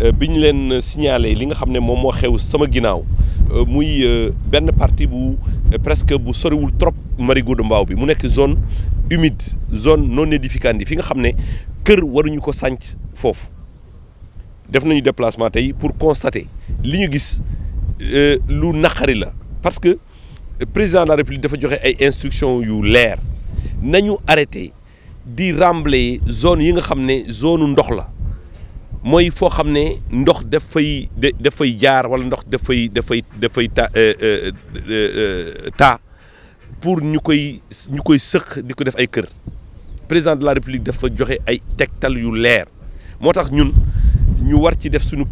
Euh, bi ñu leen signalé li nga xamné mom mo moo xew sama ginaaw euh, muy euh, benn parti bu presque bu soriwul trop Marigoudou mbaw bi mu nek zone humide zone non aedificandi fi nga xamné ne kër waruñu ko sànc fofu def nañu déplacement tay pour constater liñu ñu gis lu naqari la parce que président de la république dafa joxé ay instructions yu lèr nañu arrêté di rambler zone yi nga xamné zone ndox la moy fo xamné nous ndox def fay fay jaar wala ndox ta pour euh, euh, euh, ta pour ñu Le président de la république a joxé ay tegtal yu lèr motax nous ñun ñu war ci def suñu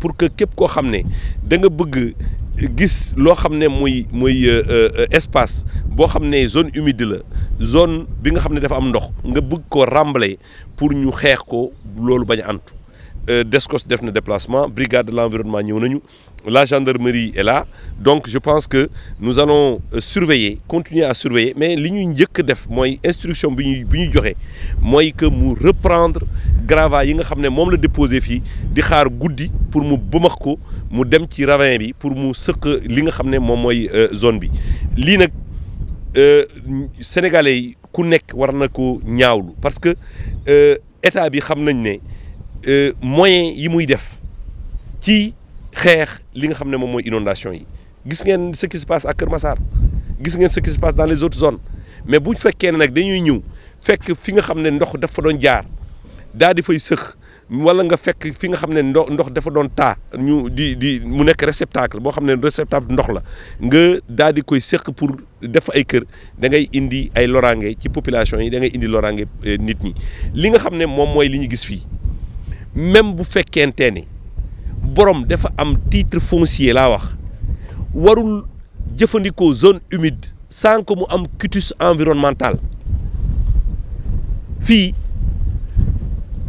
pour que képp ko xamné da gis espace une zone humide zone bi nga xamné dafa am ndox nga bëgg ko pour ñu ko lolu a euh DESCOS def na déplacement brigade de l'environnement ñëw nañu la gendarmerie est là donc je pense que nous allons euh, surveiller continuer à surveiller mais li ñuy njëkk def moy instruction bi que mu reprendre le yi nga xamné déposé di pour mu ko mu dem ci pour mu li nga euh, zone euh, sénégalais ne ku pas. parce que euh, état bi euh, moyen yi def ci li inondation ce qui se passe à Kermassar ce qui se passe dans les autres zones mais si fekké nak dañuy fekk fi wala nga fekk fi nga xam ne ndox ndox dafa doon taa ñu di di mu nekk réceptacle boo xam ne réceptacle ndox la nga daal di koy séq pour def ay kër da ngay indi ay loraange ci population yi da ngay indi loraange euh, nit ñi li nga xam ne moom mooy li ñu gis fii même bu fekkente ne borom dafa am tiitre foncier laa wax warul jëfandikoo zone humide sans ko mu am quitus environnemental fii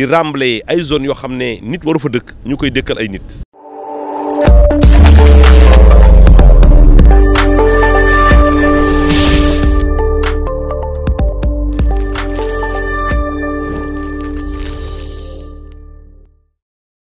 di remblayer ay zones yoo xam ne nit waru fa dëkk ñu koy dëkkal ay nit